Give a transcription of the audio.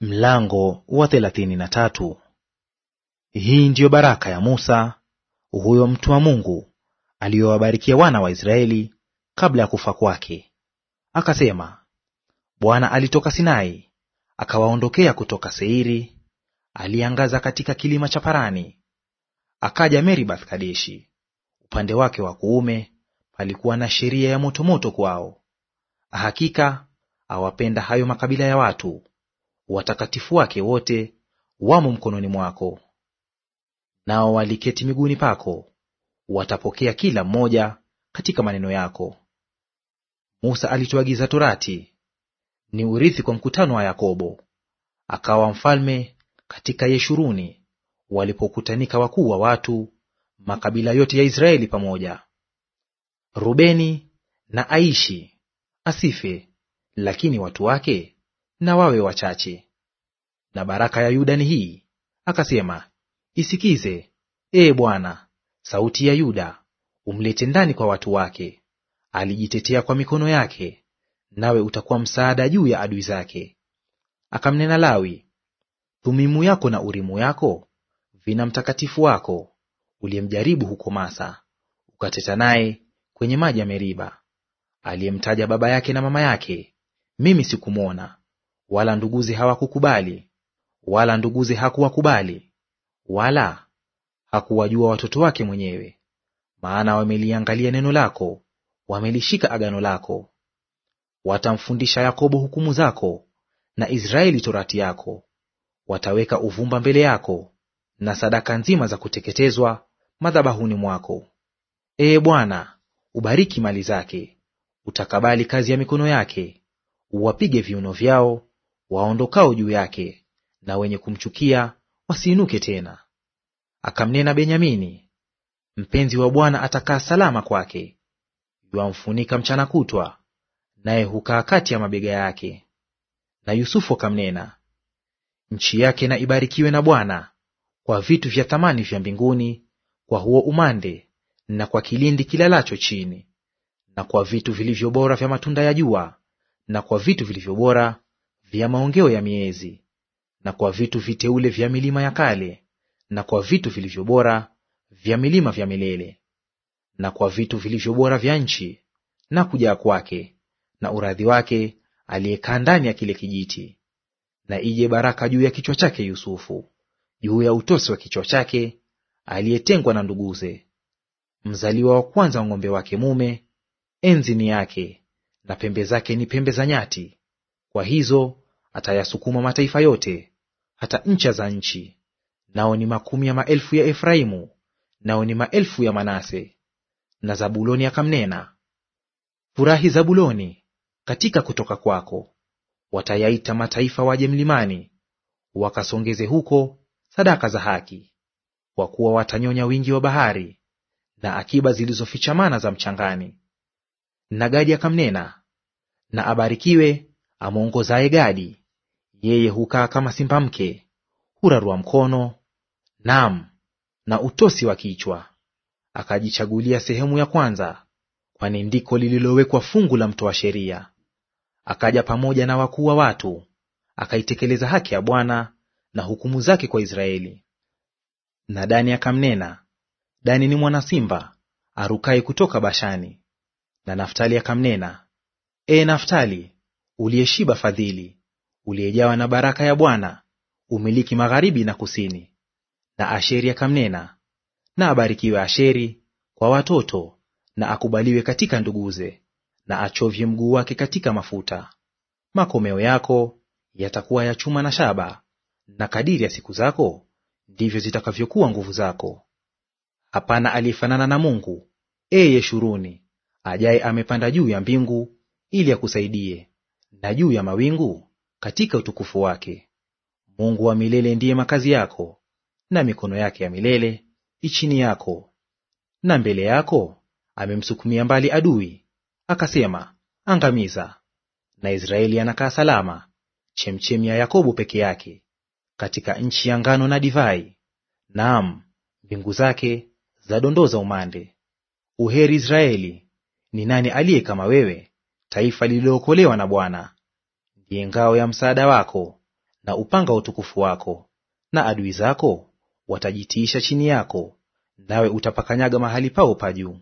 Mlango wa thelathini na tatu. Hii ndiyo baraka ya Musa huyo mtu wa Mungu aliyowabarikia wana wa Israeli kabla ya kufa kwake. Akasema, Bwana alitoka Sinai, akawaondokea kutoka Seiri, aliangaza katika kilima cha Parani. Akaja Meribath Kadeshi, upande wake wa kuume palikuwa na sheria ya motomoto kwao. Hakika awapenda hayo makabila ya watu watakatifu wake wote wamo mkononi mwako. Nao waliketi miguuni pako, watapokea kila mmoja katika maneno yako. Musa alituagiza torati, ni urithi kwa mkutano wa Yakobo, akawa mfalme katika Yeshuruni, walipokutanika wakuu wa watu makabila yote ya Israeli pamoja. Rubeni na aishi asife, lakini watu wake na wawe wachache. Na baraka ya Yuda ni hii, akasema, Isikize, ee Bwana, sauti ya Yuda, umlete ndani kwa watu wake. Alijitetea kwa mikono yake, nawe utakuwa msaada juu ya adui zake. Akamnena Lawi, Thumimu yako na Urimu yako vina mtakatifu wako uliyemjaribu huko Masa, ukateta naye kwenye maji ya Meriba, aliyemtaja baba yake na mama yake; mimi sikumwona wala nduguze hawakukubali, wala nduguze hakuwakubali, wala hakuwajua watoto wake mwenyewe. Maana wameliangalia neno lako, wamelishika agano lako. Watamfundisha Yakobo hukumu zako, na Israeli torati yako. Wataweka uvumba mbele yako, na sadaka nzima za kuteketezwa madhabahuni mwako. Ee Bwana, ubariki mali zake, utakabali kazi ya mikono yake, uwapige viuno vyao waondokao juu yake, na wenye kumchukia wasiinuke tena. Akamnena Benyamini, mpenzi wa Bwana atakaa salama kwake, yuamfunika mchana kutwa, naye hukaa kati ya mabega yake. Na Yusufu akamnena, nchi yake na ibarikiwe na Bwana kwa vitu vya thamani vya mbinguni, kwa huo umande na kwa kilindi kilalacho chini, na kwa vitu vilivyo bora vya matunda ya jua, na kwa vitu vilivyo bora vya maongeo ya miezi, na kwa vitu viteule vya milima ya kale, na kwa vitu vilivyo bora vya milima vya milele, na kwa vitu vilivyo bora vya nchi, na kujaa kwake, na uradhi wake aliyekaa ndani ya kile kijiti. Na ije baraka juu ya kichwa chake Yusufu, juu ya utosi wa kichwa chake aliyetengwa na nduguze. Mzaliwa wa kwanza wa ng'ombe wake mume, enzi ni yake, na pembe zake ni pembe za nyati, kwa hizo atayasukuma mataifa yote, hata ncha za nchi. Nao ni makumi ya maelfu ya Efraimu, nao ni maelfu ya Manase. Na Zabuloni akamnena, furahi Zabuloni katika kutoka kwako. Watayaita mataifa waje mlimani, wakasongeze huko sadaka za haki, kwa kuwa watanyonya wingi wa bahari na akiba zilizofichamana za mchangani. Na Gadi akamnena, na abarikiwe amwongozaye Gadi, yeye hukaa kama simba mke, hurarua mkono, nam na utosi wa kichwa. Akajichagulia sehemu ya kwanza, kwani ndiko lililowekwa fungu la mtoa sheria. Akaja pamoja na wakuu wa watu, akaitekeleza haki ya Bwana na hukumu zake kwa Israeli. Na Dani akamnena. Dani ni mwana simba arukaye kutoka Bashani. Na Naftali akamnena, E Naftali, uliyeshiba fadhili, uliyejawa na baraka ya Bwana, umiliki magharibi na kusini. Na Asheri akamnena, na abarikiwe Asheri kwa watoto, na akubaliwe katika nduguze, na achovye mguu wake katika mafuta. Makomeo yako yatakuwa ya chuma na shaba, na kadiri ya siku zako ndivyo zitakavyokuwa nguvu zako. Hapana aliyefanana na Mungu, eye Yeshuruni, ajaye amepanda juu ya mbingu ili akusaidie, na juu ya mawingu katika utukufu wake. Mungu wa milele ndiye makazi yako, na mikono yake ya milele ichini yako. Na mbele yako amemsukumia mbali adui, akasema angamiza. Na Israeli anakaa salama, chemchemi ya Yakobo peke yake, katika nchi ya ngano na divai; naam, mbingu zake zadondoza umande. Uheri Israeli! Ni nani aliye kama wewe, taifa lililookolewa na Bwana. Ndiye ngao ya msaada wako na upanga wa utukufu wako, na adui zako watajitiisha chini yako, nawe utapakanyaga mahali pao pa juu.